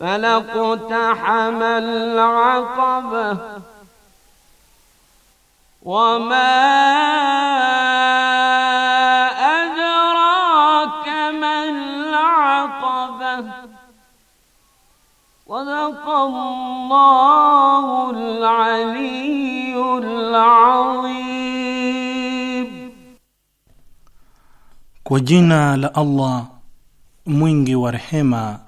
فلقتحم العقبة وما أدراك ما العقبة صدق الله العلي العظيم kwa لألله مينجي ورحمه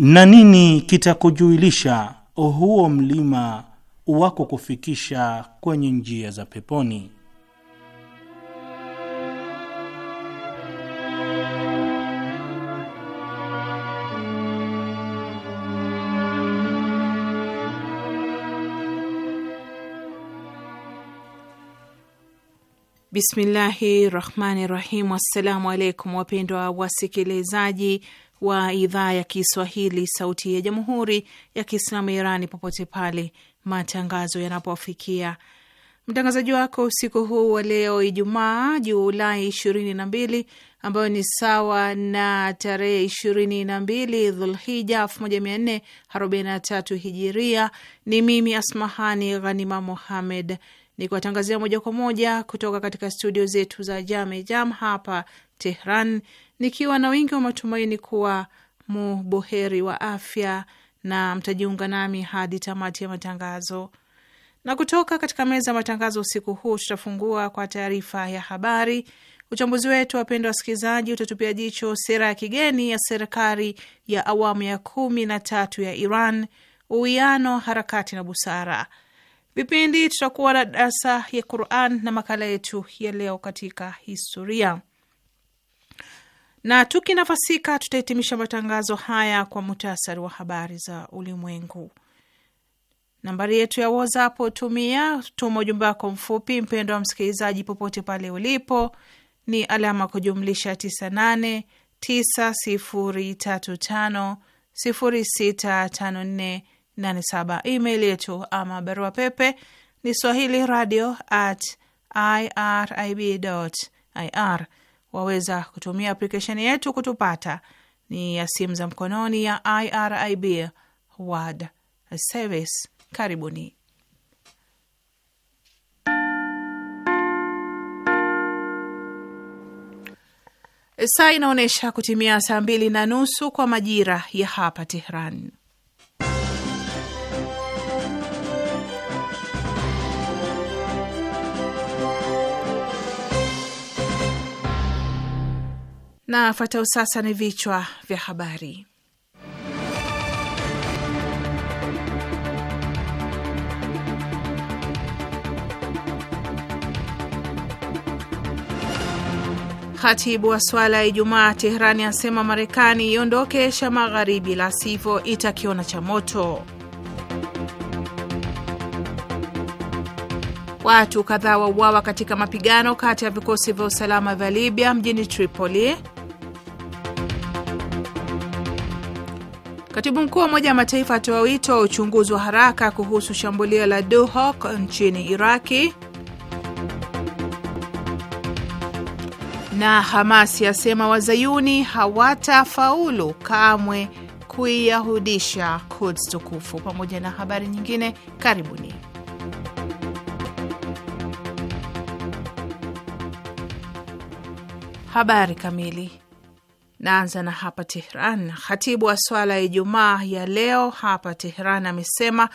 na nini kitakujuilisha huo mlima wako kufikisha kwenye njia za peponi? Bismillahi rahmani rahim. Assalamu alaikum wapendwa wasikilizaji wa idhaa ya Kiswahili, Sauti ya Jamhuri ya Kiislamu ya Irani, popote pale matangazo yanapofikia. Mtangazaji wako usiku huu wa leo Ijumaa, Julai ishirini na mbili, ambayo ni sawa na tarehe ishirini na mbili Dhulhija elfu moja mia nne arobaini na tatu Hijiria. Ni mimi Asmahani Ghanima ni kuwatangazia moja kwa moja kutoka katika studio zetu za Jame Jam hapa Tehran nikiwa na wingi wa matumaini kuwa muboheri wa afya, na mtajiunga nami hadi tamati ya matangazo. Na kutoka katika meza ya matangazo usiku huu, tutafungua kwa taarifa ya habari. Uchambuzi wetu, wapendwa wasikilizaji, utatupia jicho sera ya kigeni ya serikali ya awamu ya kumi na tatu ya Iran, uwiano, harakati na busara. Vipindi tutakuwa na darsa ya Quran na makala yetu ya leo katika historia na tukinafasika, tutahitimisha matangazo haya kwa muhtasari wa habari za ulimwengu. Nambari yetu ya WhatsApp tumia, tuma ujumbe wako mfupi, mpendo wa msikilizaji, popote pale ulipo, ni alama kujumlisha 989035065487. Email yetu ama barua pepe ni swahili radio at irib ir waweza kutumia aplikesheni yetu kutupata, ni ya simu za mkononi ya IRIB World Service. Karibuni. Saa inaonyesha kutimia saa mbili na nusu kwa majira ya hapa Tehran. Na fuatao sasa ni vichwa vya habari. Katibu wa swala ya Ijumaa Teherani asema Marekani iondoke Asia Magharibi, la sivyo itakiona cha moto. Watu kadhaa wauawa katika mapigano kati ya vikosi vya usalama vya Libya mjini Tripoli. Katibu mkuu wa Umoja wa Mataifa atoa wito wa uchunguzi wa haraka kuhusu shambulio la Duhok nchini Iraki, na Hamas yasema wazayuni hawatafaulu kamwe kuiyahudisha Kuds tukufu, pamoja na habari nyingine. Karibuni. Habari kamili Naanza na hapa Tehran. Khatibu wa swala ya Ijumaa ya leo hapa Tehran amesema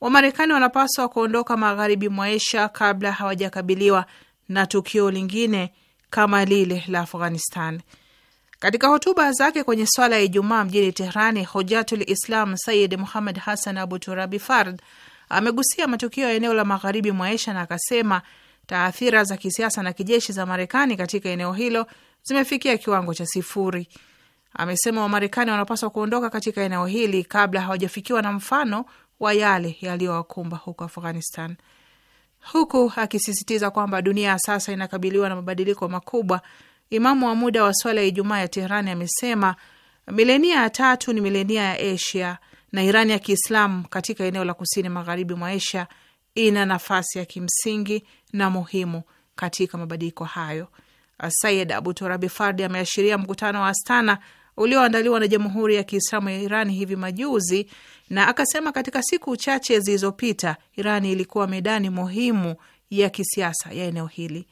Wamarekani wanapaswa kuondoka magharibi mwa Asia kabla hawajakabiliwa na tukio lingine kama lile la Afghanistan. Katika hotuba zake kwenye swala ya Ijumaa mjini Tehrani, Hojatul Islam Sayid Muhammad Hassan Abu Turabi Fard amegusia matukio ya eneo la magharibi mwa Asia na akasema taathira za kisiasa na kijeshi za Marekani katika eneo hilo zimefikia kiwango cha sifuri. Amesema Wamarekani wanapaswa kuondoka katika eneo hili kabla hawajafikiwa na mfano wa yale yaliyowakumba huko Afghanistan, huku akisisitiza kwamba dunia ya sasa inakabiliwa na mabadiliko makubwa. Imamu wa muda wa swala ya Ijumaa ya Teherani amesema milenia ya tatu ni milenia ya Asia na Irani ya Kiislamu katika eneo la kusini magharibi mwa Asia ina nafasi ya kimsingi na muhimu katika mabadiliko hayo. Sayid Abu Torabi Fardi ameashiria mkutano wa Astana ulioandaliwa na Jamhuri ya Kiislamu ya Iran hivi majuzi, na akasema katika siku chache zilizopita Iran ilikuwa medani muhimu ya kisiasa ya eneo hili.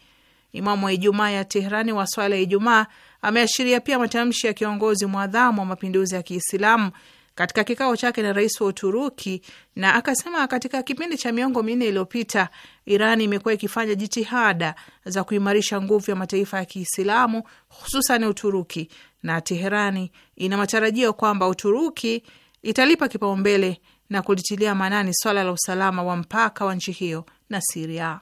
Imamu wa Ijumaa ya tehrani wa swala ya Ijumaa ameashiria pia matamshi ya kiongozi mwadhamu wa mapinduzi ya Kiislamu katika kikao chake na rais wa Uturuki, na akasema katika kipindi cha miongo minne iliyopita Iran imekuwa ikifanya jitihada za kuimarisha nguvu ya mataifa ya Kiislamu, hususan Uturuki, na Teherani ina matarajio kwamba Uturuki italipa kipaumbele na kulitilia maanani swala la usalama wa mpaka wa nchi hiyo na Siria.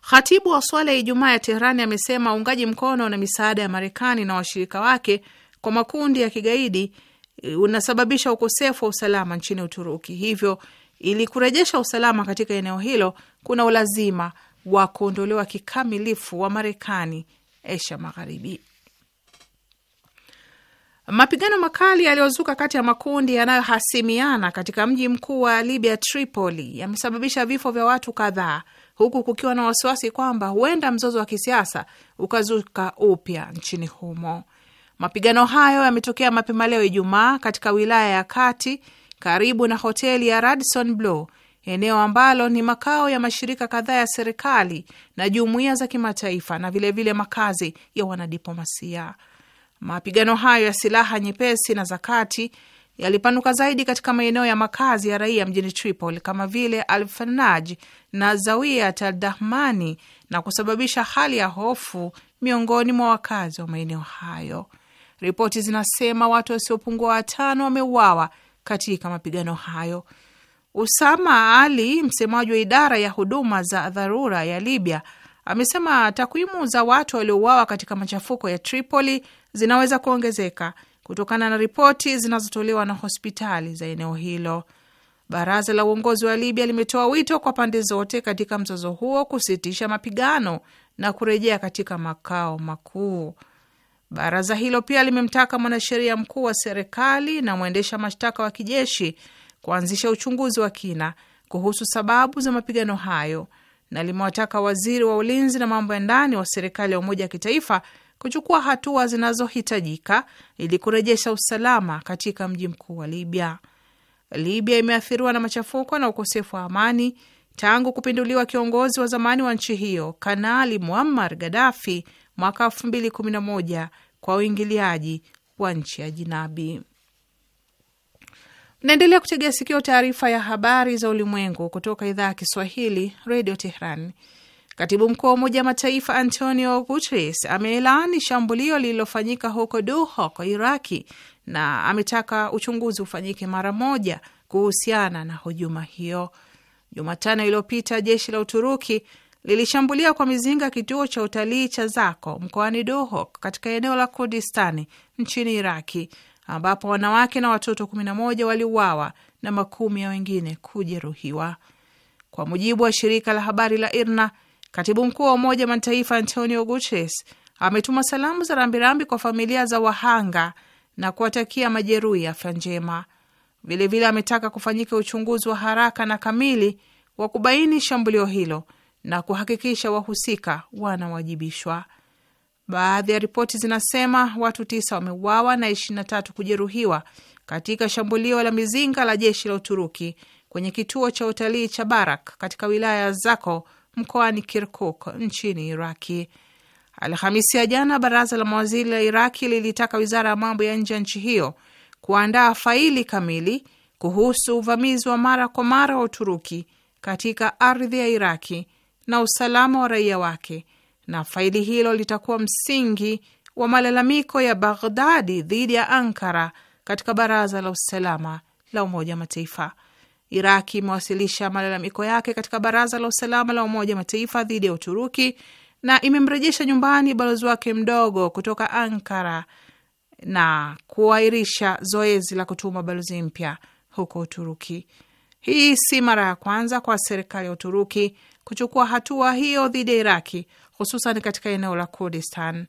Khatibu wa swala ya Ijumaa ya Teherani amesema uungaji mkono na misaada ya Marekani na washirika wake kwa makundi ya kigaidi unasababisha ukosefu wa usalama nchini Uturuki. Hivyo, ili kurejesha usalama katika eneo hilo, kuna ulazima wa kuondolewa kikamilifu wa Marekani Asia Magharibi. Mapigano makali yaliyozuka kati ya makundi yanayohasimiana katika mji mkuu wa Libya, Tripoli, yamesababisha vifo vya watu kadhaa, huku kukiwa na wasiwasi kwamba huenda mzozo wa kisiasa ukazuka upya nchini humo. Mapigano hayo yametokea mapema leo Ijumaa katika wilaya ya kati karibu na hoteli ya Radisson Blu, eneo ambalo ni makao ya mashirika kadhaa ya serikali na jumuiya za kimataifa na vilevile vile makazi ya wanadiplomasia. Mapigano hayo ya silaha nyepesi na za kati yalipanuka zaidi katika maeneo ya makazi ya raia mjini Tripoli kama vile Alfanaj na Zawiat al Dahmani na kusababisha hali ya hofu miongoni mwa wakazi wa maeneo hayo. Ripoti zinasema watu wasiopungua watano wameuawa katika mapigano hayo. Usama Ali, msemaji wa idara ya huduma za dharura ya Libya, amesema takwimu za watu waliouawa katika machafuko ya Tripoli zinaweza kuongezeka kutokana na ripoti zinazotolewa na hospitali za eneo hilo. Baraza la uongozi wa Libya limetoa wito kwa pande zote katika mzozo huo kusitisha mapigano na kurejea katika makao makuu. Baraza hilo pia limemtaka mwanasheria mkuu wa serikali na mwendesha mashtaka wa kijeshi kuanzisha uchunguzi wa kina kuhusu sababu za mapigano hayo na limewataka waziri wa ulinzi na mambo ya ndani wa serikali ya umoja wa kitaifa kuchukua hatua zinazohitajika ili kurejesha usalama katika mji mkuu wa Libya. Libya imeathiriwa na machafuko na ukosefu wa amani tangu kupinduliwa kiongozi wa zamani wa nchi hiyo Kanali Muammar Gaddafi mwaka elfu mbili kumi na moja kwa uingiliaji wa nchi ya jinabi. Naendelea kutegea sikio taarifa ya habari za ulimwengu kutoka idhaa ya Kiswahili redio Tehran. Katibu mkuu wa Umoja wa Mataifa Antonio Guterres amelaani shambulio lililofanyika huko Duhok, Iraki, na ametaka uchunguzi ufanyike mara moja kuhusiana na hujuma hiyo. Jumatano iliyopita jeshi la Uturuki lilishambulia kwa mizinga kituo cha utalii cha Zako mkoani Dohok katika eneo la Kurdistani nchini Iraki, ambapo wanawake na watoto 11 waliuawa na makumi ya wengine kujeruhiwa, kwa mujibu wa shirika la habari la IRNA. Katibu mkuu wa Umoja Mataifa Antonio Guterres ametuma salamu za rambirambi kwa familia za wahanga na kuwatakia majeruhi afya njema. Vilevile ametaka kufanyika uchunguzi wa haraka na kamili wa kubaini shambulio hilo na kuhakikisha wahusika wanawajibishwa. Baadhi ya ripoti zinasema watu tisa wameuawa na 23 kujeruhiwa katika shambulio la mizinga la jeshi la Uturuki kwenye kituo cha utalii cha Barak katika wilaya ya Zako mkoani Kirkuk nchini Iraki. Alhamisi ya jana, baraza la mawaziri la Iraki lilitaka wizara ya mambo ya nje ya nchi hiyo kuandaa faili kamili kuhusu uvamizi wa mara kwa mara wa Uturuki katika ardhi ya Iraki na usalama wa raia wake, na faili hilo litakuwa msingi wa malalamiko ya Baghdadi dhidi ya Ankara katika Baraza la Usalama la Umoja wa Mataifa. Iraki imewasilisha malalamiko yake katika Baraza la Usalama la Umoja wa Mataifa dhidi ya Uturuki na imemrejesha nyumbani balozi wake mdogo kutoka Ankara na kuahirisha zoezi la kutuma balozi mpya huko Uturuki. Hii si mara ya kwanza kwa serikali ya Uturuki kuchukua hatua hiyo dhidi ya Iraki, hususan katika eneo la Kurdistan.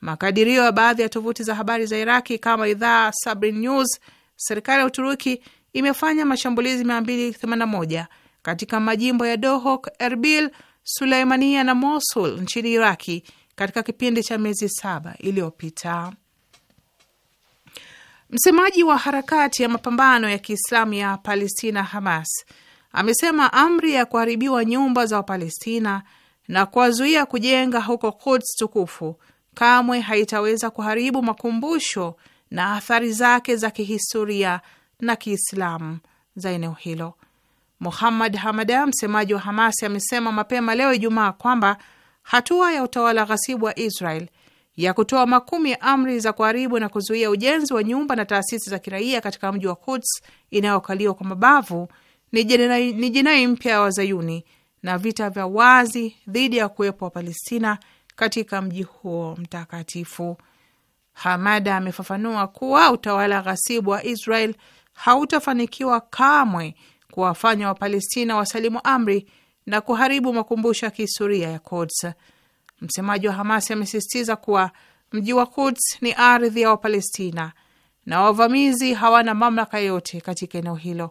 Makadirio ya baadhi ya tovuti za habari za Iraki kama idhaa Sabrin News, serikali ya Uturuki imefanya mashambulizi 281 katika majimbo ya dohok Erbil, Suleimania na Mosul nchini Iraki katika kipindi cha miezi saba iliyopita. Msemaji wa harakati ya mapambano ya Kiislamu ya Palestina, Hamas, amesema amri ya kuharibiwa nyumba za Wapalestina na kuwazuia kujenga huko Quds tukufu kamwe haitaweza kuharibu makumbusho na athari zake za kihistoria na Kiislamu za eneo hilo. Muhammad Hamada, msemaji wa Hamasi, amesema mapema leo Ijumaa kwamba hatua ya utawala ghasibu wa Israel ya kutoa makumi ya amri za kuharibu na kuzuia ujenzi wa nyumba na taasisi za kiraia katika mji wa Quds inayokaliwa kwa mabavu ni jinai mpya ya Wazayuni na vita vya wazi dhidi ya kuwepo wa Palestina katika mji huo mtakatifu. Hamada amefafanua kuwa utawala ghasibu wa Israel hautafanikiwa kamwe kuwafanya Wapalestina wasalimu amri na kuharibu makumbusho ya kihistoria ya Quds. Msemaji wa Hamas amesisitiza kuwa mji wa Quds ni ardhi ya Wapalestina na wavamizi hawana mamlaka yote katika eneo hilo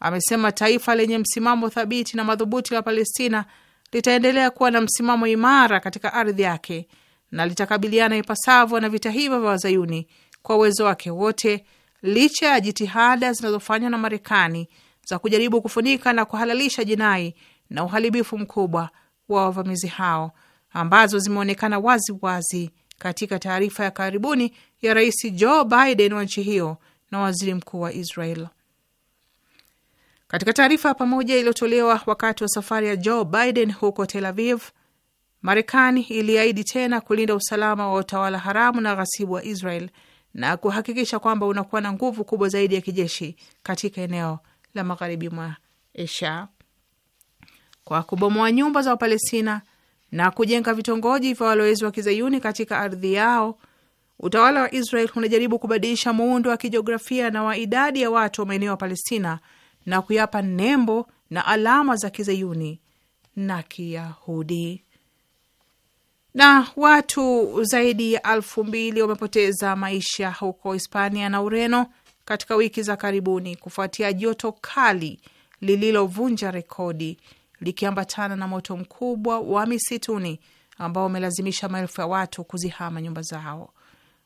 amesema taifa lenye msimamo thabiti na madhubuti la Palestina litaendelea kuwa na msimamo imara katika ardhi yake na litakabiliana ipasavyo na vita hivyo vya wazayuni kwa uwezo wake wote, licha ya jitihada zinazofanywa na Marekani za kujaribu kufunika na kuhalalisha jinai na uharibifu mkubwa wa wavamizi hao ambazo zimeonekana wazi wazi katika taarifa ya karibuni ya Rais Joe Biden wa nchi hiyo na waziri mkuu wa Israel. Katika taarifa ya pamoja iliyotolewa wakati wa safari ya Joe Biden huko Tel Aviv, Marekani iliahidi tena kulinda usalama wa utawala haramu na ghasibu wa Israel na kuhakikisha kwamba unakuwa na nguvu kubwa zaidi ya kijeshi katika eneo la magharibi mwa Asia kwa kubomoa nyumba za Wapalestina na kujenga vitongoji vya walowezi wa kizayuni katika ardhi yao. Utawala wa Israel unajaribu kubadilisha muundo wa kijiografia na wa idadi ya watu wa maeneo ya Palestina na kuyapa nembo na alama za kizayuni na Kiyahudi. Na watu zaidi ya alfu mbili wamepoteza maisha huko Hispania na Ureno katika wiki za karibuni kufuatia joto kali lililovunja rekodi likiambatana na moto mkubwa wa misituni ambao umelazimisha maelfu ya watu kuzihama nyumba zao.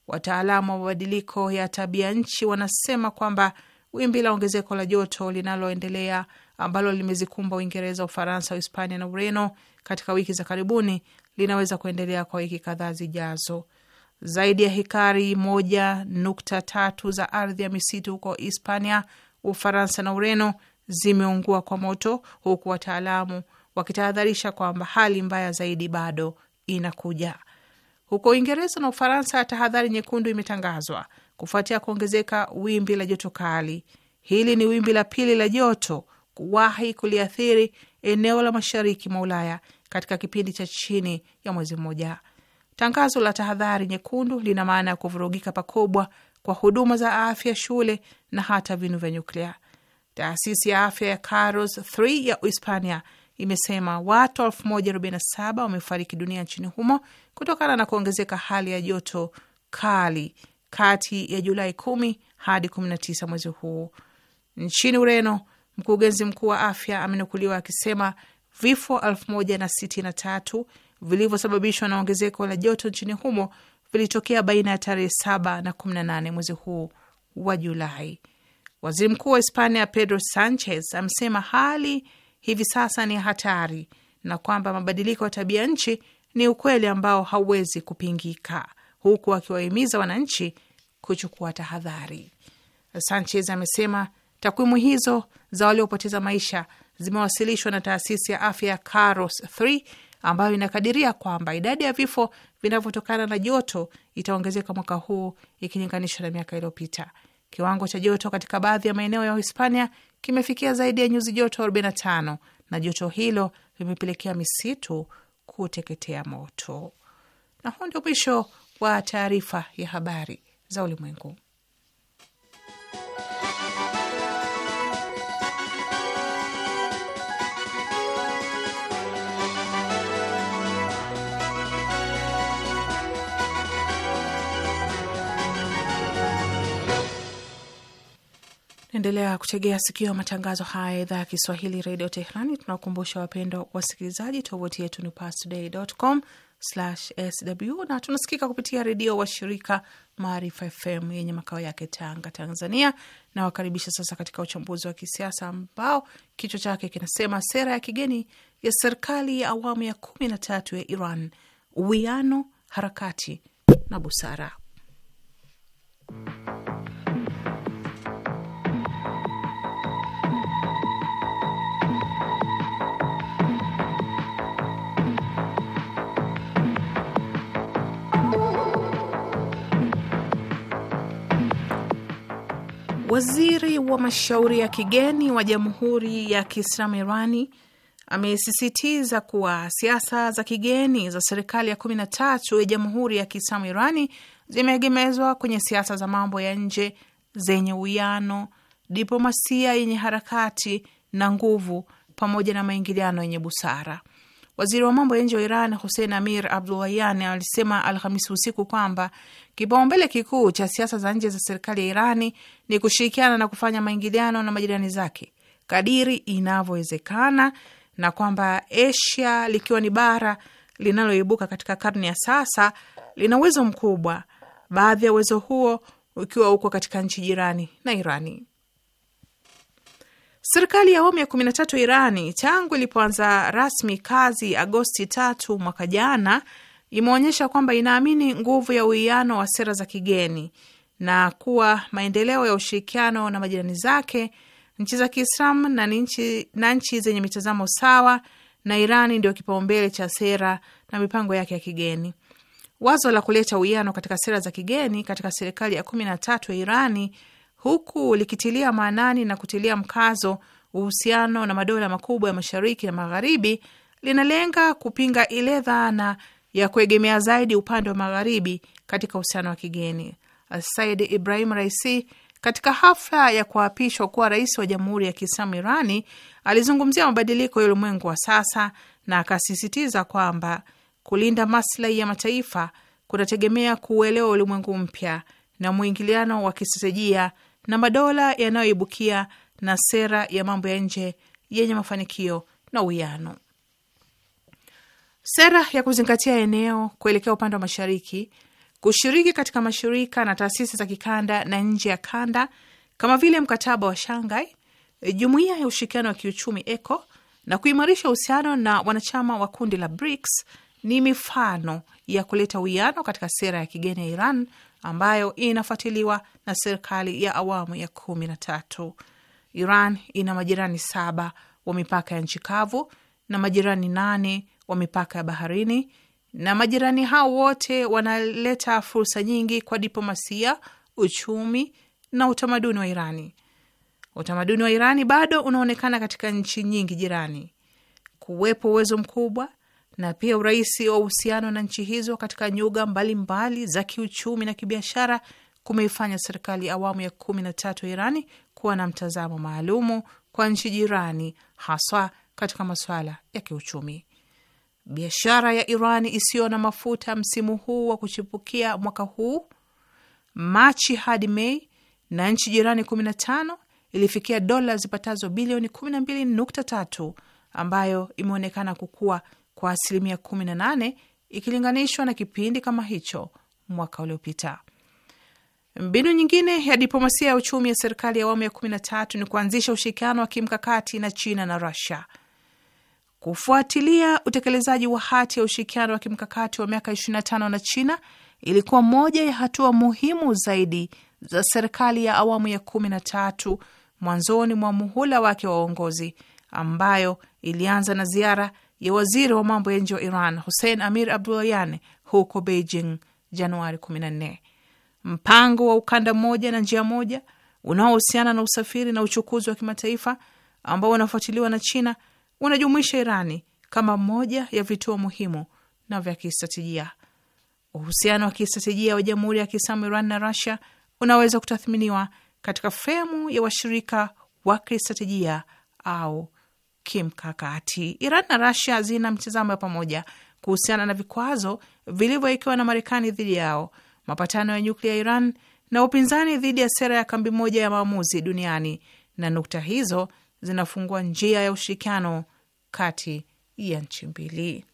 Wataalamu wa mabadiliko ya tabia nchi wanasema kwamba Wimbi la ongezeko la joto linaloendelea ambalo limezikumba Uingereza, Ufaransa, Uhispania na Ureno katika wiki za karibuni linaweza kuendelea kwa wiki kadhaa zijazo. Zaidi ya hekari moja nukta tatu za ardhi ya misitu huko Hispania, Ufaransa na Ureno zimeungua kwa moto, huku wataalamu wakitahadharisha kwamba hali mbaya zaidi bado inakuja. Huko Uingereza na Ufaransa, tahadhari nyekundu imetangazwa kufuatia kuongezeka wimbi la joto kali. Hili ni wimbi la pili la joto kuwahi kuliathiri eneo la mashariki mwa Ulaya katika kipindi cha chini ya mwezi mmoja. Tangazo la tahadhari nyekundu lina maana ya kuvurugika pakubwa kwa huduma za afya, shule na hata vinu vya nyuklia. Taasisi ya afya ya Carlos 3 ya Uhispania imesema watu 1047 wamefariki dunia nchini humo kutokana na kuongezeka hali ya joto kali kati ya Julai kumi hadi kumi na tisa mwezi huu. Nchini Ureno, mkurugenzi mkuu wa afya amenukuliwa akisema vifo elfu moja na sitini na tatu vilivyosababishwa na ongezeko la joto nchini humo vilitokea baina ya tarehe saba na kumi na nane mwezi huu wa Julai. Waziri mkuu wa Hispania Pedro Sanchez amesema hali hivi sasa ni hatari na kwamba mabadiliko ya tabia nchi ni ukweli ambao hauwezi kupingika, huku akiwahimiza wananchi kuchukua tahadhari. Sanchez amesema takwimu hizo za waliopoteza maisha zimewasilishwa na taasisi ya afya ya Caros 3 ambayo inakadiria kwamba idadi ya vifo vinavyotokana na joto itaongezeka mwaka huu ikilinganishwa na miaka iliyopita. Kiwango cha joto katika baadhi ya maeneo ya Hispania kimefikia zaidi ya nyuzi joto 45 na joto hilo limepelekea misitu kuteketea moto. Na huu ndio mwisho wa taarifa ya habari za ulimwengu. Endelea kutegea sikio matangazo haya ya idhaa ya Kiswahili redio Teherani. tunawakumbusha wapendwa wasikilizaji, tovuti yetu ni pastoday.com sw na tunasikika kupitia redio wa shirika Maarifa FM yenye makao yake Tanga, Tanzania. Nawakaribisha sasa katika uchambuzi wa kisiasa ambao kichwa chake kinasema sera ya kigeni ya serikali ya awamu ya kumi na tatu ya Iran, uwiano, harakati na busara. Waziri wa mashauri ya kigeni wa Jamhuri ya Kiislamu Irani amesisitiza kuwa siasa za kigeni za serikali ya kumi na tatu ya Jamhuri ya Kiislamu Irani zimeegemezwa kwenye siasa za mambo ya nje zenye uwiano, diplomasia yenye harakati na nguvu, pamoja na maingiliano yenye busara. Waziri wa mambo ya nje wa Iran Hussein Amir Abdullahian alisema Alhamisi usiku kwamba kipaumbele kikuu cha siasa za nje za serikali ya Irani ni kushirikiana na kufanya maingiliano na majirani zake kadiri inavyowezekana, na kwamba Asia likiwa ni bara linaloibuka katika karne ya sasa lina uwezo mkubwa, baadhi ya uwezo huo ukiwa uko katika nchi jirani na Irani. Serikali ya awamu ya 13 Irani tangu ilipoanza rasmi kazi Agosti tatu mwaka jana imeonyesha kwamba inaamini nguvu ya uwiano wa sera za kigeni na kuwa maendeleo ya ushirikiano na majirani zake nchi za Kiislamu na nchi, na nchi zenye mitazamo sawa na Irani ndio kipaumbele cha sera na mipango yake ya kigeni. Wazo la kuleta uwiano katika sera za kigeni katika serikali ya kumi na tatu ya Irani huku likitilia maanani na kutilia mkazo uhusiano na madola makubwa ya mashariki na magharibi, linalenga kupinga ile dhana ya kuegemea zaidi upande wa magharibi katika uhusiano wa kigeni. Said Ibrahim Raisi katika hafla ya kuapishwa kuwa rais wa Jamhuri ya Kiislamu Irani alizungumzia mabadiliko ya ulimwengu wa sasa na akasisitiza kwamba kulinda maslahi ya mataifa kunategemea kuuelewa ulimwengu mpya na mwingiliano wa kistratejia na madola yanayoibukia na sera ya mambo ya nje yenye mafanikio na uwiano. Sera ya kuzingatia eneo kuelekea upande wa mashariki, kushiriki katika mashirika na taasisi za kikanda na nje ya kanda kama vile mkataba wa Shanghai, jumuiya ya ushirikiano wa kiuchumi ECO na kuimarisha uhusiano na wanachama wa kundi la BRICS ni mifano ya kuleta uwiano katika sera ya kigeni ya Iran ambayo inafuatiliwa na serikali ya awamu ya kumi na tatu. Iran ina majirani saba wa mipaka ya nchi kavu na majirani nane wa mipaka ya baharini, na majirani hao wote wanaleta fursa nyingi kwa diplomasia, uchumi na utamaduni wa Irani. Utamaduni wa Irani bado unaonekana katika nchi nyingi jirani. Kuwepo uwezo mkubwa na pia urahisi wa uhusiano na nchi hizo katika nyuga mbalimbali za kiuchumi na kibiashara kumeifanya serikali ya awamu ya kumi na tatu ya Irani kuwa na mtazamo maalumu kwa nchi jirani, haswa katika masuala ya kiuchumi. Biashara ya Irani isiyo na mafuta msimu huu wa kuchipukia mwaka huu Machi hadi Mei na nchi jirani 15 ilifikia dola zipatazo bilioni 12.3 ambayo imeonekana kukua kwa asilimia 18 ikilinganishwa na kipindi kama hicho mwaka uliopita. Mbinu nyingine ya diplomasia ya uchumi ya serikali ya awamu ya 13 ni kuanzisha ushirikiano wa kimkakati na China na Rusia. Kufuatilia utekelezaji wa hati ya ushirikiano wa kimkakati wa miaka 25 na China ilikuwa moja ya hatua muhimu zaidi za serikali ya awamu ya 13 mwanzoni mwa muhula wake wa uongozi, ambayo ilianza na ziara ya waziri wa mambo ya nje wa Iran Hussein Amir Abdullayan huko Beijing Januari 14. Mpango wa ukanda mmoja na njia moja unaohusiana na usafiri na uchukuzi wa kimataifa ambao unafuatiliwa na China unajumuisha Irani kama moja ya vituo muhimu na vya kistratejia. Uhusiano wa kistratejia wa Jamhuri ya Kiislamu Iran na Rusia unaweza kutathminiwa katika fremu ya washirika wa kistratejia au kimkakati. Iran na Rasia zina mtizamo ya pamoja kuhusiana na vikwazo vilivyowekewa na Marekani dhidi yao, mapatano ya nyuklia ya Iran na upinzani dhidi ya sera ya kambi moja ya maamuzi duniani, na nukta hizo zinafungua njia ya ushirikiano kati ya nchi mbili.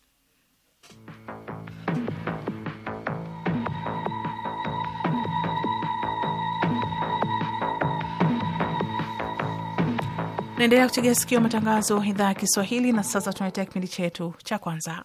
Naendelea kutegea sikio matangazo idhaa ya Kiswahili, na sasa tunaletea kipindi chetu cha kwanza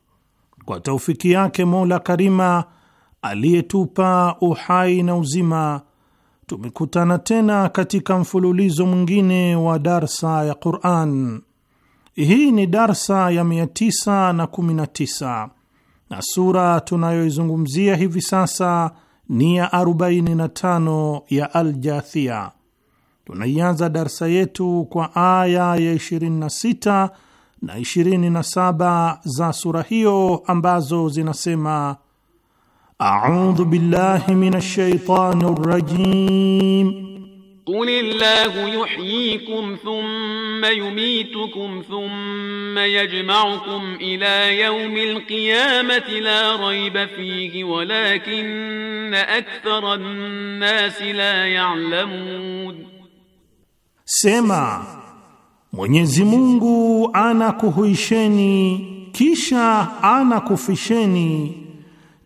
kwa taufiki yake Mola Karima aliyetupa uhai na uzima, tumekutana tena katika mfululizo mwingine wa darsa ya Quran. Hii ni darsa ya 919 na sura tunayoizungumzia hivi sasa ni ya 45 ya Aljathia. Tunaianza darsa yetu kwa aya ya 26 na 27 za sura hiyo ambazo zinasema: audhu billahi minash shaitani rajim Qul Allahu yuhyikum thumma yumitukum thumma yajma'ukum ila yawmil qiyamati la rayba fihi walakinna aktharan nasi la ya'lamun, Sema Mwenyezi Mungu anakuhuisheni kisha anakufisheni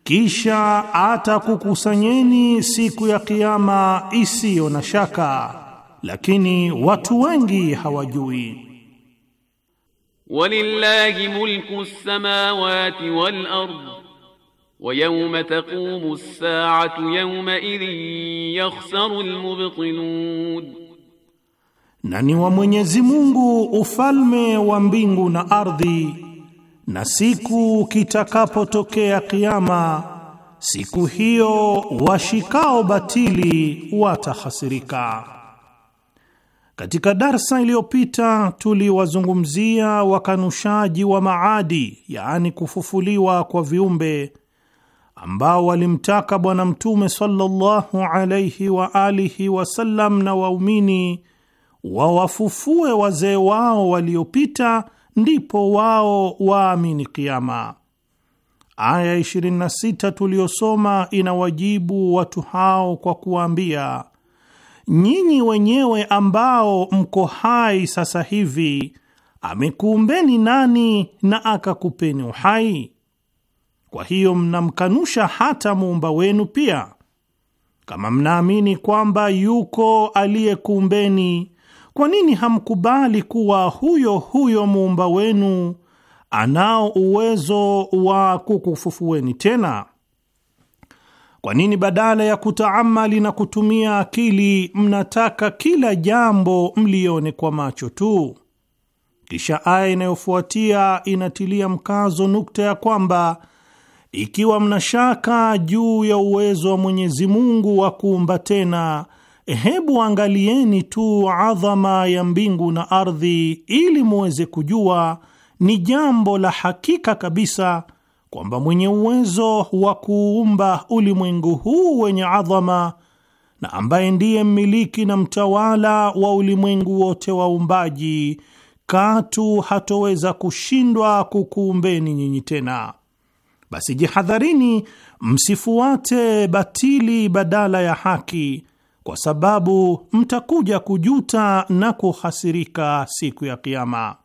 kisha atakukusanyeni siku ya kiyama isiyo na shaka, lakini watu wengi hawajui. Walillahi mulku samawati wal ardh wa yawma taqumu as-sa'atu yawma idhin yakhsaru al-mubtilun na ni wa Mwenyezi Mungu ufalme wa mbingu na ardhi, na siku kitakapotokea Kiyama, siku hiyo washikao batili watahasirika. Katika darsa iliyopita tuliwazungumzia wakanushaji wa maadi, yaani kufufuliwa kwa viumbe, ambao walimtaka Bwana Mtume sallallahu alayhi wa alihi wasallam na waumini wawafufue wazee wao waliopita, ndipo wao waamini kiama. Aya 26 tuliyosoma inawajibu watu hao kwa kuwaambia, nyinyi wenyewe ambao mko hai sasa hivi, amekuumbeni nani na akakupeni uhai? Kwa hiyo mnamkanusha hata muumba wenu pia. Kama mnaamini kwamba yuko aliyekuumbeni kwa nini hamkubali kuwa huyo huyo muumba wenu anao uwezo wa kukufufueni tena? Kwa nini badala ya kutaamali na kutumia akili mnataka kila jambo mlione kwa macho tu? Kisha aya inayofuatia inatilia mkazo nukta ya kwamba ikiwa mnashaka juu ya uwezo wa Mwenyezi Mungu wa kuumba tena hebu angalieni tu adhama ya mbingu na ardhi, ili muweze kujua ni jambo la hakika kabisa kwamba mwenye uwezo wa kuumba ulimwengu huu wenye adhama na ambaye ndiye mmiliki na mtawala wa ulimwengu wote wa uumbaji, katu hatoweza kushindwa kukuumbeni nyinyi tena. Basi jihadharini, msifuate batili badala ya haki kwa sababu mtakuja kujuta na kuhasirika siku ya Kiama.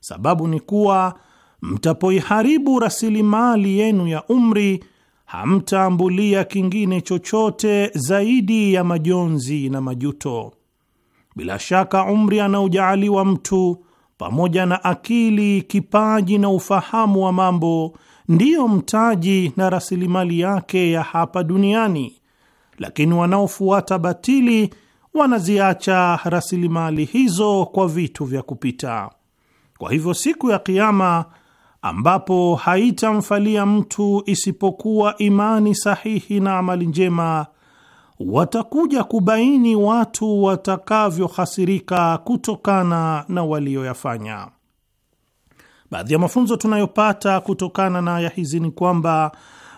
Sababu ni kuwa mtapoiharibu rasilimali yenu ya umri, hamtaambulia kingine chochote zaidi ya majonzi na majuto. Bila shaka umri anaojaaliwa mtu pamoja na akili, kipaji na ufahamu wa mambo ndiyo mtaji na rasilimali yake ya hapa duniani lakini wanaofuata batili wanaziacha rasilimali hizo kwa vitu vya kupita. Kwa hivyo siku ya Kiama, ambapo haitamfalia mtu isipokuwa imani sahihi na amali njema, watakuja kubaini watu watakavyohasirika kutokana na walioyafanya. Baadhi ya mafunzo tunayopata kutokana na aya hizi ni kwamba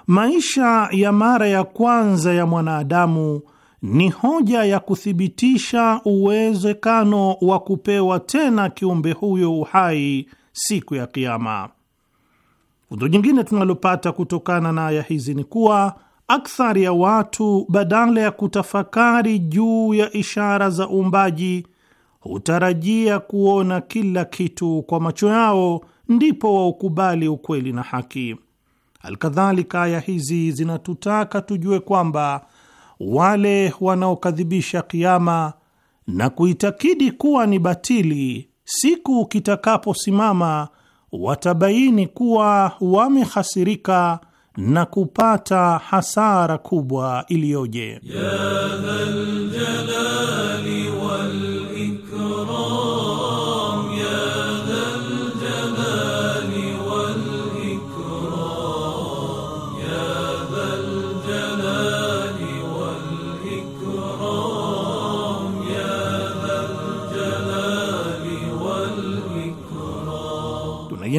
Maisha ya mara ya kwanza ya mwanadamu ni hoja ya kuthibitisha uwezekano wa kupewa tena kiumbe huyo uhai siku ya Kiama. Funzo jingine tunalopata kutokana na aya hizi ni kuwa akthari ya watu badala ya kutafakari juu ya ishara za uumbaji hutarajia kuona kila kitu kwa macho yao ndipo waukubali ukweli na haki. Alkadhalika, aya hizi zinatutaka tujue kwamba wale wanaokadhibisha kiama na kuitakidi kuwa ni batili, siku kitakaposimama watabaini kuwa wamehasirika na kupata hasara kubwa iliyoje.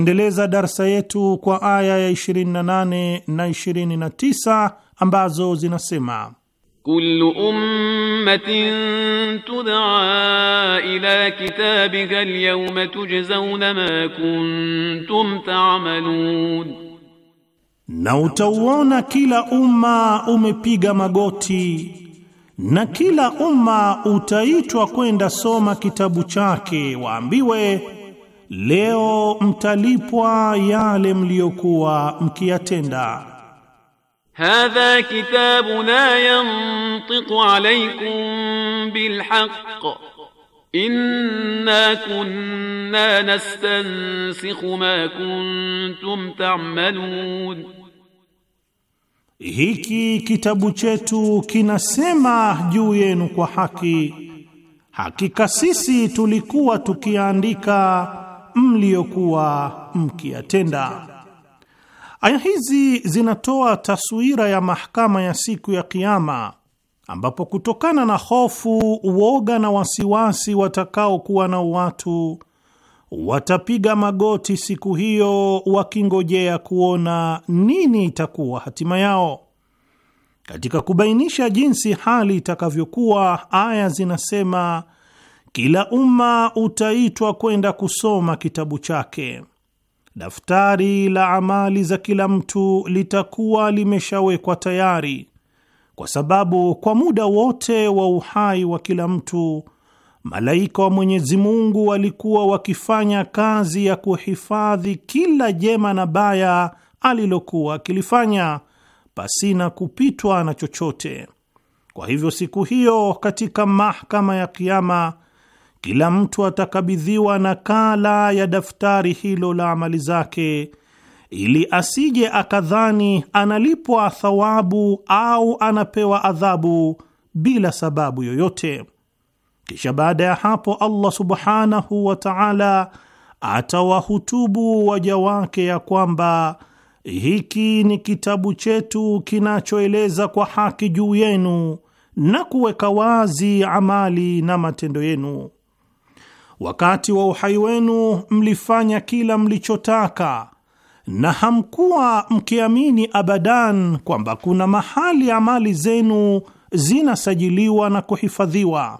Tunaendeleza darsa yetu kwa aya ya 28 na 29 ambazo zinasema: kullu ummatin tud'a ila kitabika al-yawma tujzauna ma kuntum ta'malun, na utauona kila umma umepiga magoti na kila umma utaitwa kwenda soma kitabu chake, waambiwe Leo mtalipwa yale mliyokuwa mkiyatenda. Hadha kitabuna yantiqu alaykum bilhaq inna kunna nastansikhu ma kuntum ta'malun, hiki kitabu chetu kinasema juu yenu kwa haki, hakika sisi tulikuwa tukiandika mliyokuwa mkiyatenda. Aya hizi zinatoa taswira ya mahakama ya siku ya Kiama, ambapo kutokana na hofu, uoga na wasiwasi watakaokuwa na watu watapiga magoti siku hiyo wakingojea kuona nini itakuwa hatima yao. Katika kubainisha jinsi hali itakavyokuwa, aya zinasema kila umma utaitwa kwenda kusoma kitabu chake. Daftari la amali za kila mtu litakuwa limeshawekwa tayari, kwa sababu kwa muda wote wa uhai wa kila mtu malaika wa Mwenyezi Mungu walikuwa wakifanya kazi ya kuhifadhi kila jema na baya alilokuwa akilifanya, pasina kupitwa na chochote. Kwa hivyo siku hiyo katika mahakama ya Kiama kila mtu atakabidhiwa nakala ya daftari hilo la amali zake, ili asije akadhani analipwa thawabu au anapewa adhabu bila sababu yoyote. Kisha baada ya hapo, Allah subhanahu wa ta'ala atawahutubu waja wake ya kwamba hiki ni kitabu chetu kinachoeleza kwa haki juu yenu na kuweka wazi amali na matendo yenu. Wakati wa uhai wenu mlifanya kila mlichotaka na hamkuwa mkiamini abadan kwamba kuna mahali amali zenu zinasajiliwa na kuhifadhiwa,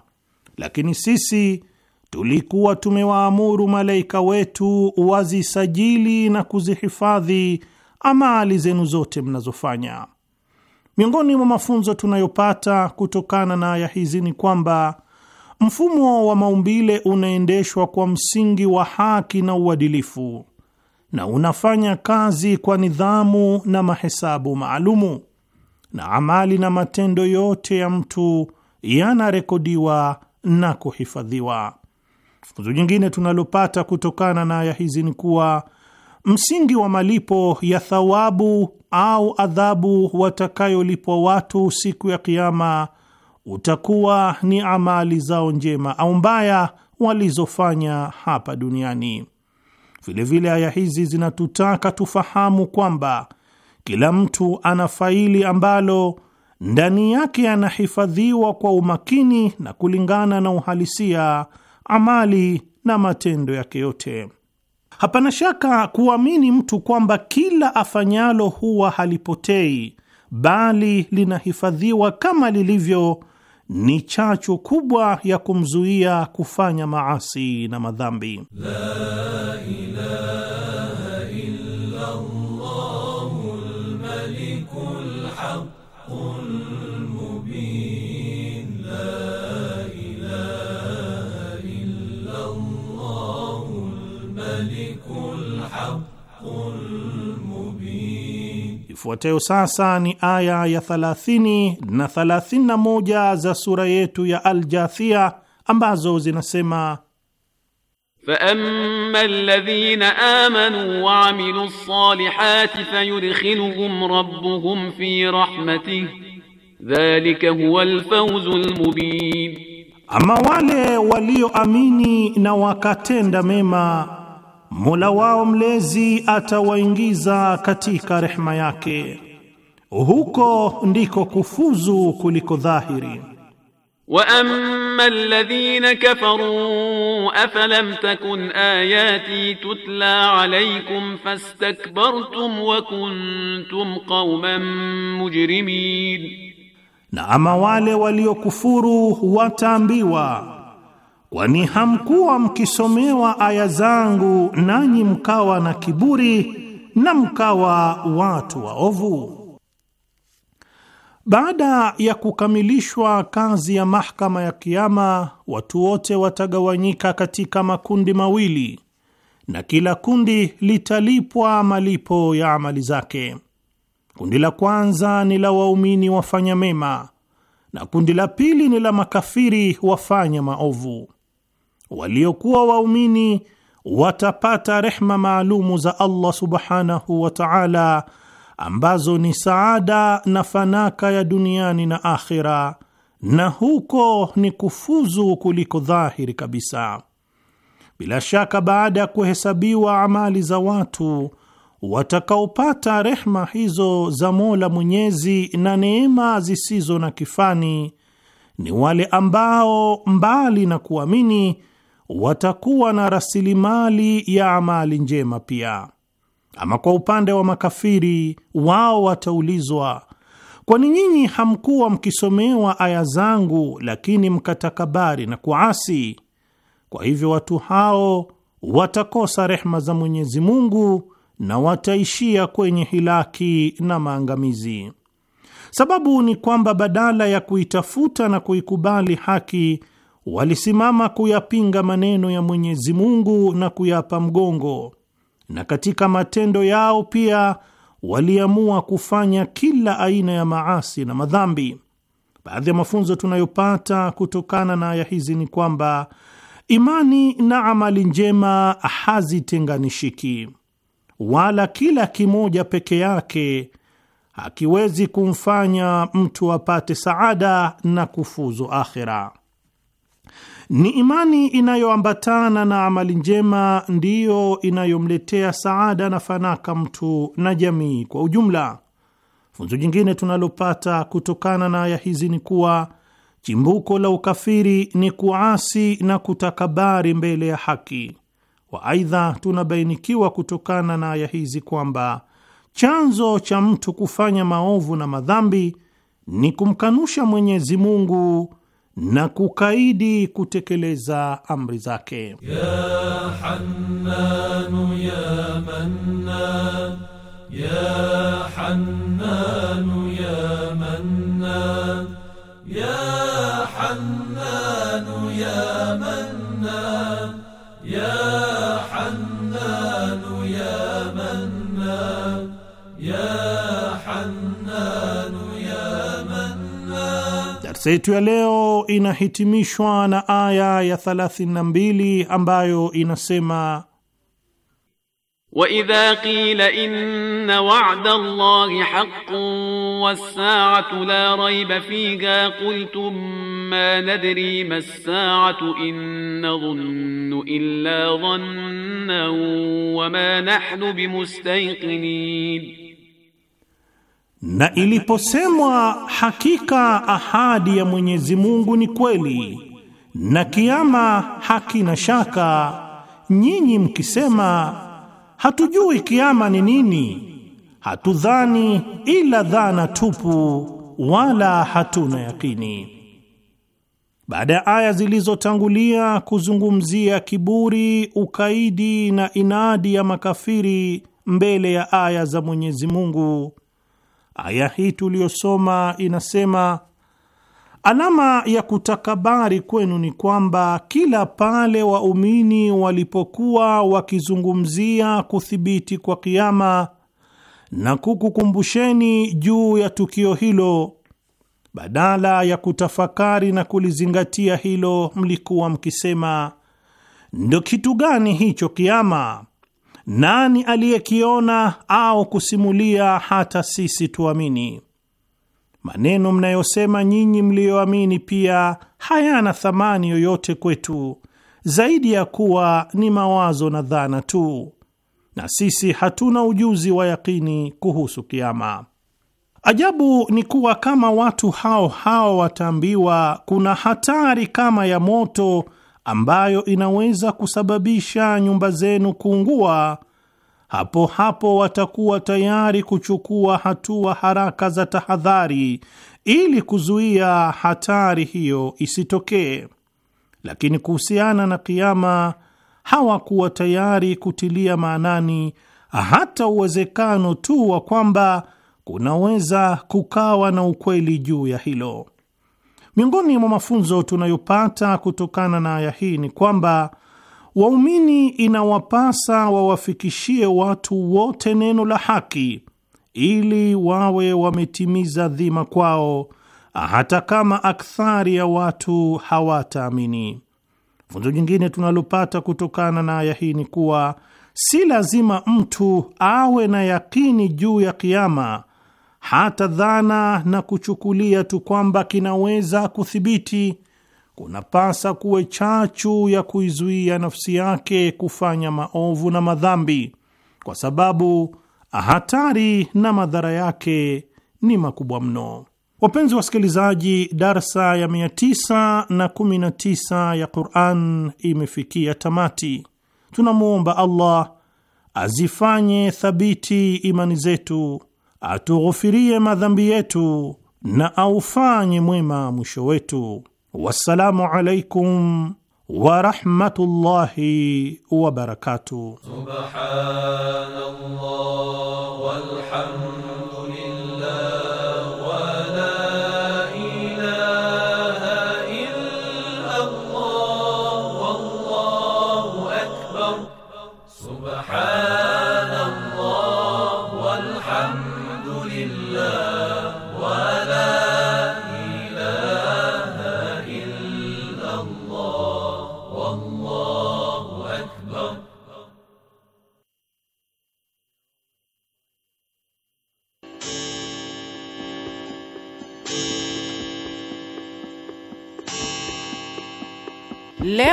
lakini sisi tulikuwa tumewaamuru malaika wetu wazisajili na kuzihifadhi amali zenu zote mnazofanya. Miongoni mwa mafunzo tunayopata kutokana na aya hizi ni kwamba Mfumo wa maumbile unaendeshwa kwa msingi wa haki na uadilifu na unafanya kazi kwa nidhamu na mahesabu maalumu, na amali na matendo yote ya mtu yanarekodiwa na kuhifadhiwa. Funzo jingine tunalopata kutokana na aya hizi ni kuwa msingi wa malipo ya thawabu au adhabu watakayolipwa watu siku ya Kiama utakuwa ni amali zao njema au mbaya walizofanya hapa duniani. Vilevile aya hizi zinatutaka tufahamu kwamba kila mtu ana faili ambalo ndani yake anahifadhiwa kwa umakini na kulingana na uhalisia amali na matendo yake yote. Hapana shaka kuamini mtu kwamba kila afanyalo huwa halipotei, bali linahifadhiwa kama lilivyo ni chachu kubwa ya kumzuia kufanya maasi na madhambi la ilaha Ifuatayo sasa ni aya ya 30 na 31 za sura yetu ya Aljathia ambazo zinasema Faama alladhina amanu wa amilu ssalihati fayudkhiluhum rabbuhum fi rahmatihi dhalika huwa alfawzul mubin, ama wale walioamini na wakatenda mema Mola wao mlezi atawaingiza katika rehema yake, huko ndiko kufuzu kuliko dhahiri. Wa amma alladhina kafaru afalam takun ayati tutla alaykum fastakbartum wa kuntum qauman mujrimin, na ama wale waliokufuru wataambiwa kwani hamkuwa mkisomewa aya zangu nanyi mkawa na kiburi na mkawa watu waovu. Baada ya kukamilishwa kazi ya mahakama ya Kiama, watu wote watagawanyika katika makundi mawili, na kila kundi litalipwa malipo ya amali zake. Kundi la kwanza ni la waumini wafanya mema na kundi la pili ni la makafiri wafanya maovu waliokuwa waumini watapata rehma maalumu za Allah subhanahu wa ta'ala, ambazo ni saada na fanaka ya duniani na akhira, na huko ni kufuzu kuliko dhahiri kabisa. Bila shaka, baada ya kuhesabiwa amali za watu watakaopata rehma hizo za Mola Mwenyezi na neema zisizo na kifani ni wale ambao mbali na kuamini watakuwa na rasilimali ya amali njema pia. Ama kwa upande wa makafiri, wao wataulizwa, kwani nyinyi hamkuwa mkisomewa aya zangu, lakini mkatakabari na kuasi? Kwa hivyo watu hao watakosa rehma za Mwenyezi Mungu na wataishia kwenye hilaki na maangamizi. Sababu ni kwamba badala ya kuitafuta na kuikubali haki walisimama kuyapinga maneno ya Mwenyezi Mungu na kuyapa mgongo, na katika matendo yao pia waliamua kufanya kila aina ya maasi na madhambi. Baadhi ya mafunzo tunayopata kutokana na aya hizi ni kwamba imani na amali njema hazitenganishiki, wala kila kimoja peke yake hakiwezi kumfanya mtu apate saada na kufuzu akhira. Ni imani inayoambatana na amali njema ndiyo inayomletea saada na fanaka mtu na jamii kwa ujumla. Funzo jingine tunalopata kutokana na aya hizi ni kuwa chimbuko la ukafiri ni kuasi na kutakabari mbele ya haki wa. Aidha, tunabainikiwa kutokana na aya hizi kwamba chanzo cha mtu kufanya maovu na madhambi ni kumkanusha Mwenyezi Mungu na kukaidi kutekeleza amri zake. ya Hannanu ya ya Hannanu ya Darsa yetu ya leo inahitimishwa na aya ya 32 ambayo inasema وإذا قيل إن وعد الله حق والساعة لا ريب فيها قلتم ما ندري ما الساعة إن نظن إلا ظنا وما نحن بمستيقنين Na iliposemwa hakika ahadi ya Mwenyezi Mungu ni kweli na kiama hakina shaka, nyinyi mkisema hatujui kiama ni nini, hatudhani ila dhana tupu, wala hatuna yakini. Baada ya aya zilizotangulia kuzungumzia kiburi, ukaidi na inadi ya makafiri mbele ya aya za Mwenyezi Mungu Aya hii tuliyosoma inasema alama ya kutakabari kwenu ni kwamba kila pale waumini walipokuwa wakizungumzia kuthibiti kwa kiama na kukukumbusheni juu ya tukio hilo, badala ya kutafakari na kulizingatia hilo, mlikuwa mkisema, ndo kitu gani hicho kiama? Nani aliyekiona au kusimulia hata sisi tuamini? Maneno mnayosema nyinyi mliyoamini pia hayana thamani yoyote kwetu zaidi ya kuwa ni mawazo na dhana tu, na sisi hatuna ujuzi wa yakini kuhusu kiama. Ajabu ni kuwa kama watu hao hao wataambiwa kuna hatari kama ya moto ambayo inaweza kusababisha nyumba zenu kuungua, hapo hapo watakuwa tayari kuchukua hatua haraka za tahadhari ili kuzuia hatari hiyo isitokee. Lakini kuhusiana na kiama, hawakuwa tayari kutilia maanani hata uwezekano tu wa kwamba kunaweza kukawa na ukweli juu ya hilo. Miongoni mwa mafunzo tunayopata kutokana na aya hii ni kwamba waumini inawapasa wawafikishie watu wote neno la haki ili wawe wametimiza dhima kwao hata kama akthari ya watu hawataamini. Funzo jingine tunalopata kutokana na aya hii ni kuwa si lazima mtu awe na yakini juu ya kiama hata dhana na kuchukulia tu kwamba kinaweza kuthibiti, kunapasa kuwe chachu ya kuizuia nafsi yake kufanya maovu na madhambi, kwa sababu hatari na madhara yake ni makubwa mno. Wapenzi wasikilizaji, darsa ya 919 ya Quran imefikia tamati. Tunamwomba Allah azifanye thabiti imani zetu atughufirie madhambi yetu na aufanye mwema mwisho wetu. Wassalamu alaikum warahmatullahi wabarakatuh. Subhanallah walhamdulillah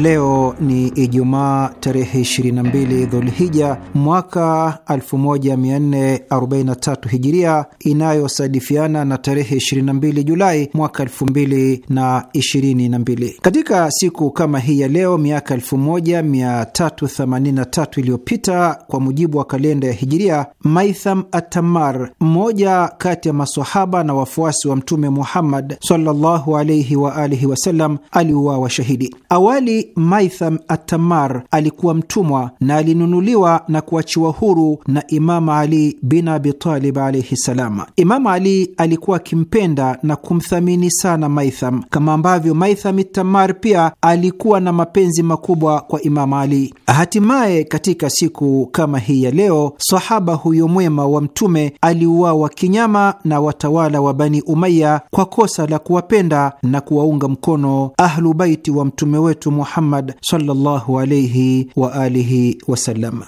Leo ni Ijumaa tarehe 22 Dhulhija mwaka 1443 Hijiria, inayosadifiana na tarehe 22 Julai mwaka 2022. Katika siku kama hii ya leo miaka 1383 iliyopita, kwa mujibu wa kalenda ya Hijiria, Maitham Atamar, mmoja kati ya masahaba na wafuasi wa Mtume Muhammad sallallahu alaihi wa wasallam, aliuawa shahidi. Awali Maitham Atamar alikuwa mtumwa na alinunuliwa na kuachiwa huru na Imamu Ali bin Abitalib alaihi salam. Imamu Ali alikuwa akimpenda na kumthamini sana Maitham, kama ambavyo Maitham Atamar pia alikuwa na mapenzi makubwa kwa Imamu Ali. Hatimaye katika siku kama hii ya leo, sahaba huyo mwema wa Mtume aliuawa kinyama na watawala wa Bani Umaya kwa kosa la kuwapenda na kuwaunga mkono Ahlubaiti wa mtume wetu Muhammad محمد صلى الله عليه وآله وسلم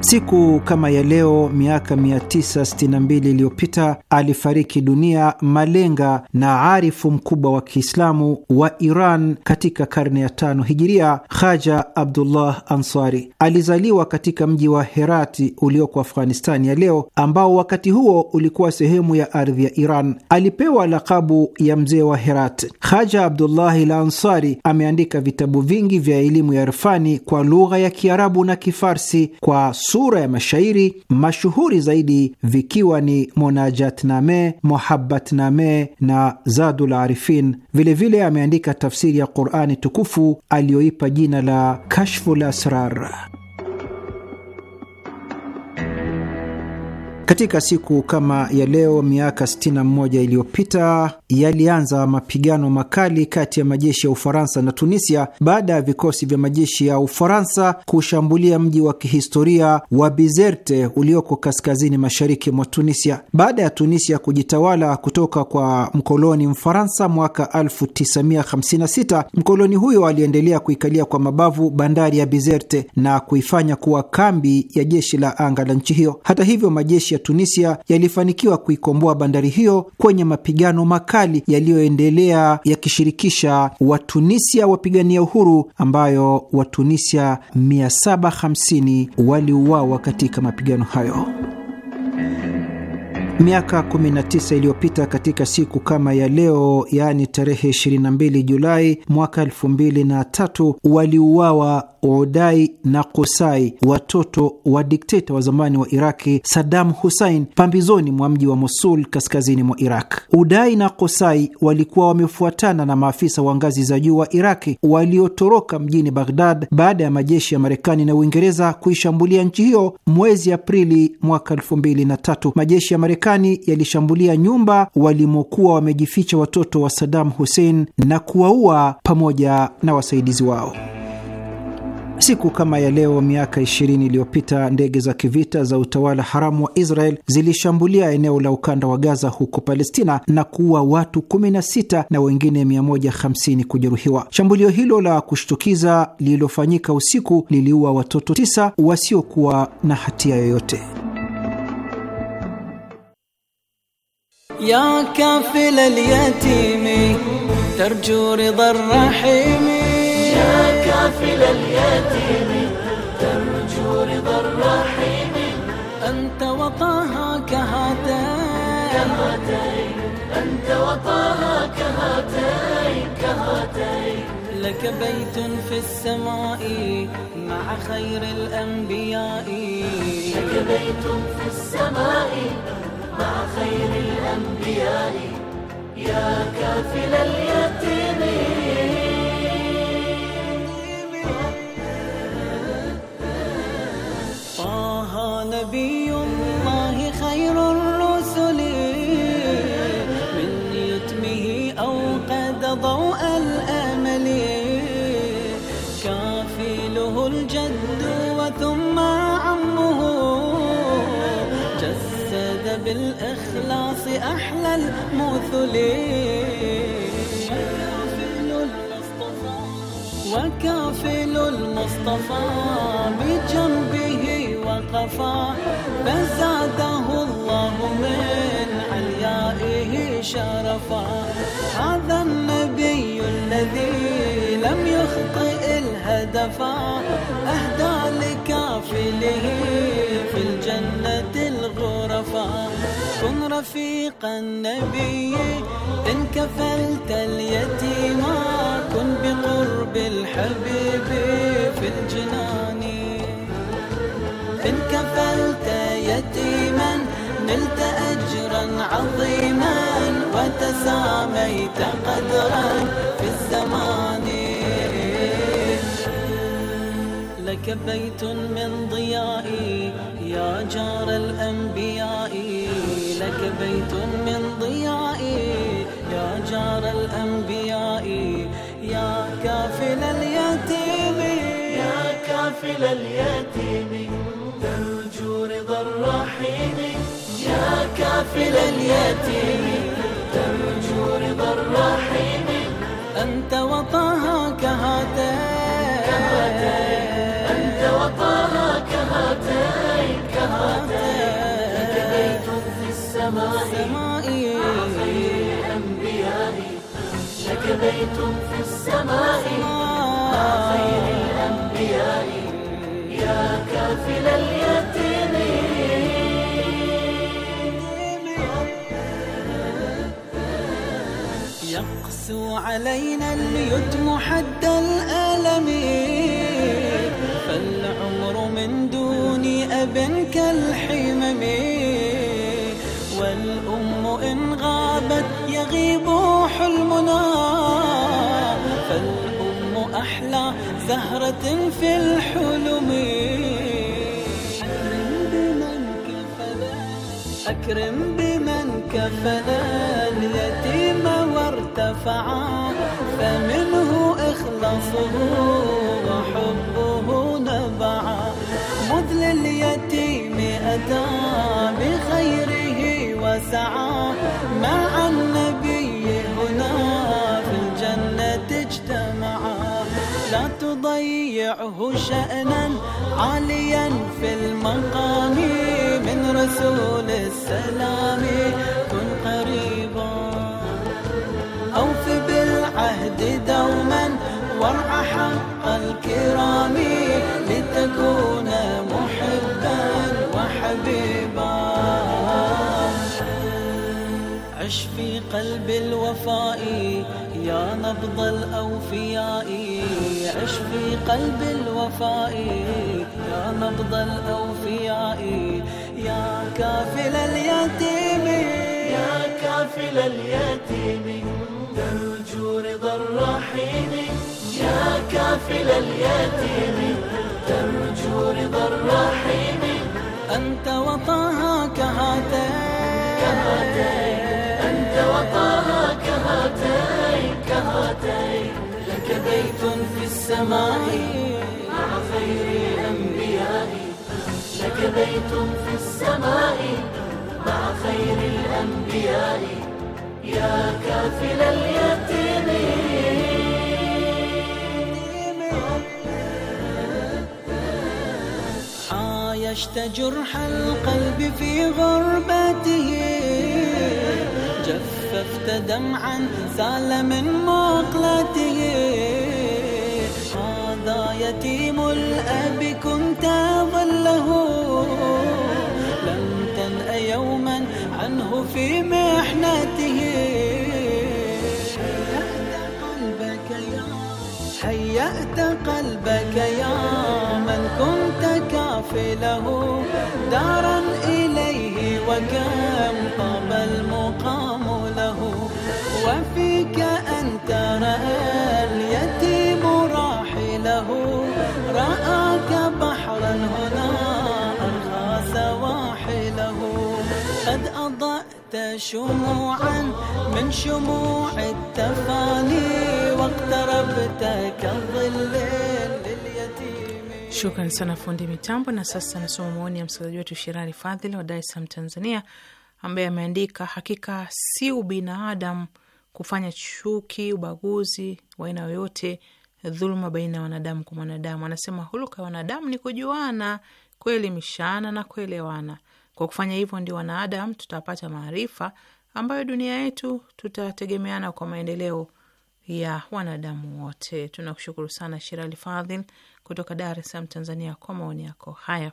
Siku kama ya leo miaka 962 iliyopita alifariki dunia malenga na arifu mkubwa wa Kiislamu wa Iran katika karne ya tano hijiria, Haja Abdullah Ansari. Alizaliwa katika mji wa Herati ulioko Afghanistani ya leo, ambao wakati huo ulikuwa sehemu ya ardhi ya Iran. Alipewa lakabu ya mzee wa Herat. Haja Abdullahi la Ansari ameandika vitabu vingi vya elimu ya irfani kwa lugha ya Kiarabu na Kifarsi kwa sura ya mashairi mashuhuri zaidi vikiwa ni Munajatname, Mohabbatname na Zadul Arifin. Vilevile ameandika tafsiri ya Qurani tukufu aliyoipa jina la Kashful Asrar. Katika siku kama ya leo miaka 61 iliyopita yalianza mapigano makali kati ya majeshi ya Ufaransa na Tunisia baada ya vikosi vya majeshi ya Ufaransa kushambulia mji wa kihistoria wa Bizerte ulioko kaskazini mashariki mwa Tunisia. Baada ya Tunisia kujitawala kutoka kwa mkoloni Mfaransa mwaka 1956, mkoloni huyo aliendelea kuikalia kwa mabavu bandari ya Bizerte na kuifanya kuwa kambi ya jeshi la anga la nchi hiyo. Hata hivyo majeshi ya Tunisia yalifanikiwa kuikomboa bandari hiyo kwenye mapigano makali yaliyoendelea yakishirikisha Watunisia wapigania uhuru, ambayo Watunisia 750 waliuawa katika mapigano hayo. Miaka 19 iliyopita katika siku kama ya leo, yaani tarehe 22 Julai mwaka 2003, waliuawa waudai na Kosai, watoto wa dikteta wa zamani wa Iraki sadam Hussein, pambizoni mwa mji wa Mosul kaskazini mwa Iraq. Udai na Kosai walikuwa wamefuatana na maafisa wa ngazi za juu wa Iraki waliotoroka mjini Baghdad baada ya majeshi ya Marekani na Uingereza kuishambulia nchi hiyo mwezi Aprili mwaka elfu mbili na tatu. Majeshi ya Marekani yalishambulia nyumba walimokuwa wamejificha watoto wa sadam Hussein na kuwaua pamoja na wasaidizi wao. Siku kama ya leo miaka 20 iliyopita ndege za kivita za utawala haramu wa Israel zilishambulia eneo la ukanda wa Gaza huko Palestina na kuua watu 16 na wengine 150 kujeruhiwa. Shambulio hilo la kushtukiza lililofanyika usiku liliua watoto tisa wasiokuwa na hatia yoyote. Ya يا كافل اليتيم ترجو رضا الرحيم أنت وطاها كهاتين أنت وطاها كهاتين كهاتين لك بيت في السماء مع خير الأنبياء لك بيت في السماء مع خير الأنبياء يا كافل اليتيم نبي الله خير الرسل من يتمه أوقد ضوء الأمل كافله الجد وثم عمه جسد بالإخلاص أحلى المثل وكافل المصطفى بجنب القفا فزاده الله من عليائه شرفا هذا النبي الذي لم يخطئ الهدفا أهدى لكافله في الجنة الغرفا كن رفيق النبي إن كفلت اليتيما كن بقرب الحبيب في الجنان عظيما وتساميت قدرا في الزمان لك بيت من ضيائي يا جار الأنبياء لك بيت من ضيائي يا جار الأنبياء يا كافل اليتيم يا كافل اليتيم ترجو رضا الرحيم يا كافل اليتيم ترجو رضا الرحيم أنت وطه كهاتين أنت وطه كهاتين كهاتين لك بيت في السماء خير أنبيائي لك بيت في السماء خير الأنبياء يا كافل اليتيم يسوع علينا اليتم حد الألم فالعمر من دون أب كالحمم والأم إن غابت يغيب حلمنا فالأم أحلى زهرة في الحلم أكرم بمن كفنا أكرم بمن كفنا اليتيم ارتفعا فمنه إخلاصه وحبه نبعا مذ لليتيم أتى بخيره وسعى مع النبي هنا في الجنة اجتمعا لا تضيعه شأنا عاليا في المقام من رسول السلام كن قريبا العهد دوما وارعى حق الكرام لتكون محبا وحبيبا عش في قلب الوفاء يا نبض الأوفياء عش في قلب الوفاء يا نبض الأوفياء يا كافل اليتيم يا النافل اليتيم ترجو رضا الرحيم يا كافل اليتيم ترجو رضا الرحيم أنت وطه كهاتين كهاتين أنت وطه كهاتين كهاتين لك بيت في السماء مع خير الأنبياء لك بيت في السماء مع خير الأنبياء يا كافل اليتيم عايشت جرح القلب في غربته جففت دمعا سال من مقلته هذا يتيم حبك يا من كنت كافله دارا إليه وكم طاب المقام له وفيك أنت رأى اليتيم راحله رآك بحرا هنا أرخى سواحله قد أضأت شموعا من شموع التفاني واقتربت كالظل Shukran sana fundi mitambo. Na sasa nasoma maoni ya msikilizaji wetu Shirari Fadhil wa Dar es Salaam, Tanzania, ambaye ameandika hakika si ubinadamu kufanya chuki, ubaguzi wa aina yoyote, dhuluma baina ya wanadamu kwa mwanadamu. Anasema huluka ya wanadamu ni kujuana, kuelimishana na kuelewana. Kwa kufanya hivyo, ndio wanadamu tutapata maarifa ambayo dunia yetu tutategemeana kwa maendeleo ya wanadamu wote. Tunakushukuru sana Shirali Fadhili kutoka Dar es Salaam, Tanzania, kwa maoni yako haya.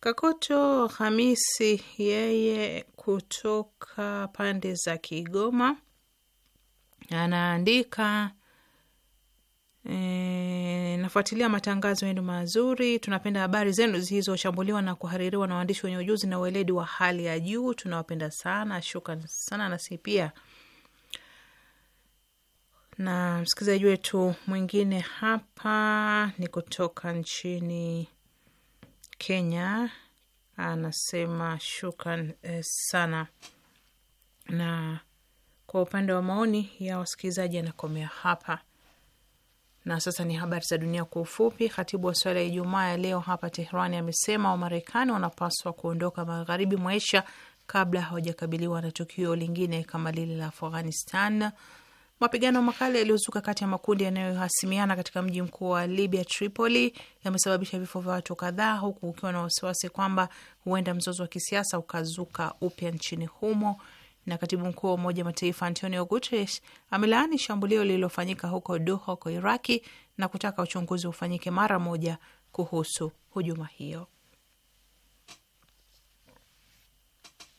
Kakoto Hamisi yeye kutoka pande za Kigoma anaandika E, nafuatilia matangazo yenu mazuri. Tunapenda habari zenu zilizochambuliwa na kuhaririwa na waandishi wenye ujuzi na ueledi wa hali ya juu. Tunawapenda sana, shukran sana. Nasi pia na msikilizaji wetu mwingine hapa ni kutoka nchini Kenya, anasema shukran eh, sana. Na kwa upande wa maoni ya wasikilizaji anakomea hapa, na sasa ni habari za dunia kwa ufupi. Khatibu wa swala ya Ijumaa ya leo hapa Tehrani amesema Wamarekani wanapaswa kuondoka magharibi mwa Asia kabla hawajakabiliwa na tukio lingine kama lile la Afghanistan. Mapigano makali yaliyozuka kati ya makundi yanayohasimiana katika mji mkuu wa Libya, Tripoli, yamesababisha vifo vya watu kadhaa, huku ukiwa na wasiwasi kwamba huenda mzozo wa kisiasa ukazuka upya nchini humo. Na katibu mkuu wa Umoja Mataifa Antonio Guterres amelaani shambulio lililofanyika huko Doha, Iraki, na kutaka uchunguzi ufanyike mara moja kuhusu hujuma hiyo.